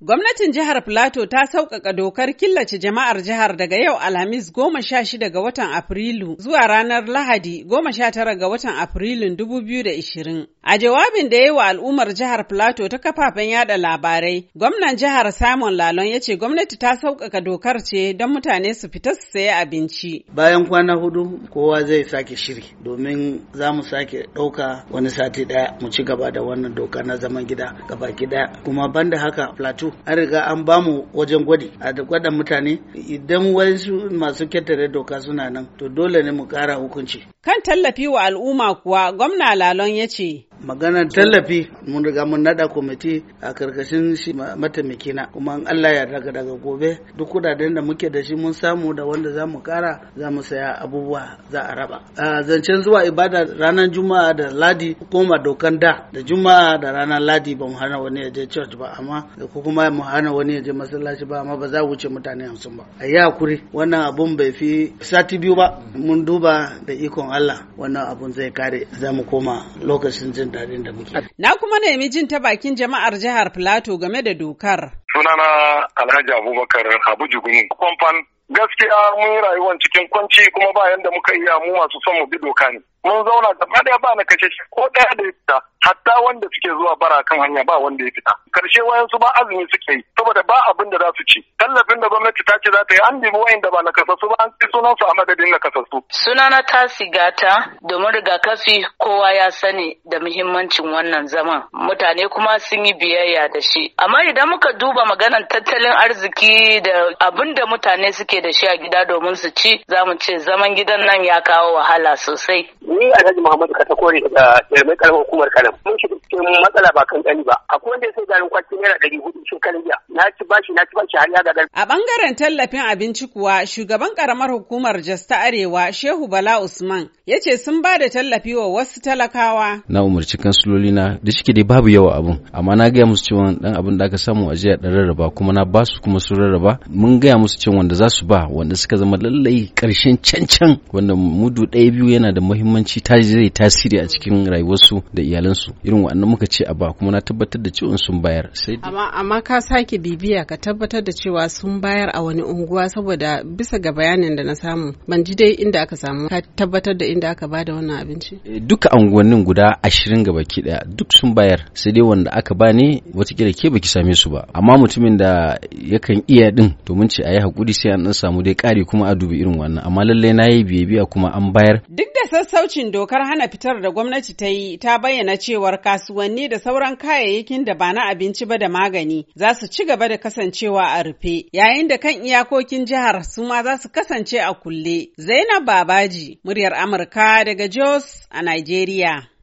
Gwamnatin jihar Filato ta sauƙaƙa dokar killace jama'ar jihar daga yau Alhamis goma sha shida ga watan Afrilu zuwa ranar Lahadi goma sha tara ga watan Afrilun dubu biyu da ishirin. A jawabin da ya yi wa al'ummar jihar Filato ta kafafen yada labarai, gwamnan jihar Simon Lalon ya ce gwamnati ta sauƙaƙa dokar ce don mutane su fita su saya abinci. Bayan kwana hudu kowa zai sake shiri domin za mu sake ɗauka wani sati ɗaya mu ci gaba da wannan doka na zaman gida gaba ɗaya kuma banda haka Filato su an riga an bamu wajen gwadi a gwadan mutane idan wasu masu ketare doka suna nan to dole ne mu kara hukunci kan tallafi wa al'umma kuwa gwamna lalon ya ce maganar tallafi mun riga mun nada kwamiti a karkashin shi mataimaki na kuma in Allah ya daga daga gobe duk kudaden da muke da shi mun samu da wanda za mu kara za mu saya abubuwa za a raba a zancen zuwa ibada ranar juma'a da ladi koma dokan da da juma'a da ranar ladi ba mu hana wani ya je church ba amma da kuma mu hana wani ya je masallaci ba amma ba za wuce mutane hamsin ba a yi hakuri wannan abun bai fi sati biyu ba mun duba da ikon Allah wannan abun zai kare za mu koma lokacin jin jin daɗin da muke. Na kuma nemi jin ta bakin jama'ar jihar Filato game da dokar. Sunana Alhaji Abubakar Abu Jugumi. Kwamfan gaskiya mun yi rayuwar cikin kwanci kuma ba yanda muka iya mu masu son mu bi doka ne. Mun zauna gaba ɗaya ba na kashe ko ɗaya da ya hatta wanda suke zuwa bara kan hanya ba wanda ya fita karshe wayansu ba azumi suke yi saboda ba abin da za su ci tallafin da gwamnati ta ce za ta yi an nemi wayanda ba na nakasassu ba an ci sunansu a madadin Suna sunana ta sigata domin rigakafi kowa ya sani da muhimmancin wannan zaman mutane kuma sun yi biyayya da shi amma idan muka duba maganar tattalin arziki da abin da mutane suke da shi a gida domin su ci za mu ce zaman gidan nan ya kawo wahala sosai ni alhaji muhammadu ka kore daga jarumai karamar hukumar kanan mun shi cikin matsala ba kan ba akwai wanda ya sai garin kwakin naira ɗari hudu shekaru jiya na ci bashi na ci bashi har ya gagar. A bangaren tallafin abinci kuwa shugaban karamar hukumar jasta Arewa Shehu Bala Usman ya ce sun ba da tallafi wa wasu talakawa. Na umarci kansuloli na da shike dai babu yawa abun amma na gaya musu cewa dan abin da aka samu a jiya dan rarraba kuma na ba su kuma su rarraba mun gaya musu cewa wanda za su ba wanda suka zama lallai karshen cancan wanda mudu ɗaya biyu yana da muhimmanci ta zai tasiri a cikin rayuwarsu da iyalansu irin wa'annan muka ce a ba kuma na tabbatar da cewa sun bayar sai amma amma ka sake bibiya ka tabbatar da cewa sun bayar a wani unguwa saboda bisa ga bayanin da na samu ban ji dai inda aka samu ka tabbatar da inda aka bada wannan abinci eh, duka unguwannin guda ashirin gaba ki daya duk sun bayar sai dai wanda aka bani watakila ke baki same su ba amma mutumin da yakan iya din to mun ce ayi hakuri sai an dan samu dai kare kuma a dubi irin wannan amma lallai na yi bibiya kuma an bayar duk da sassaucin dokar hana fitar da gwamnati ta yi ta bayyana cewar kasuwanni da sauran kayayyakin da ba na abinci ba da magani za su ci gaba gaba da kasancewa a rufe, yayin da kan iyakokin jihar su ma za su kasance a kulle. Zainab Babaji, muryar Amurka daga Jos a Nigeria.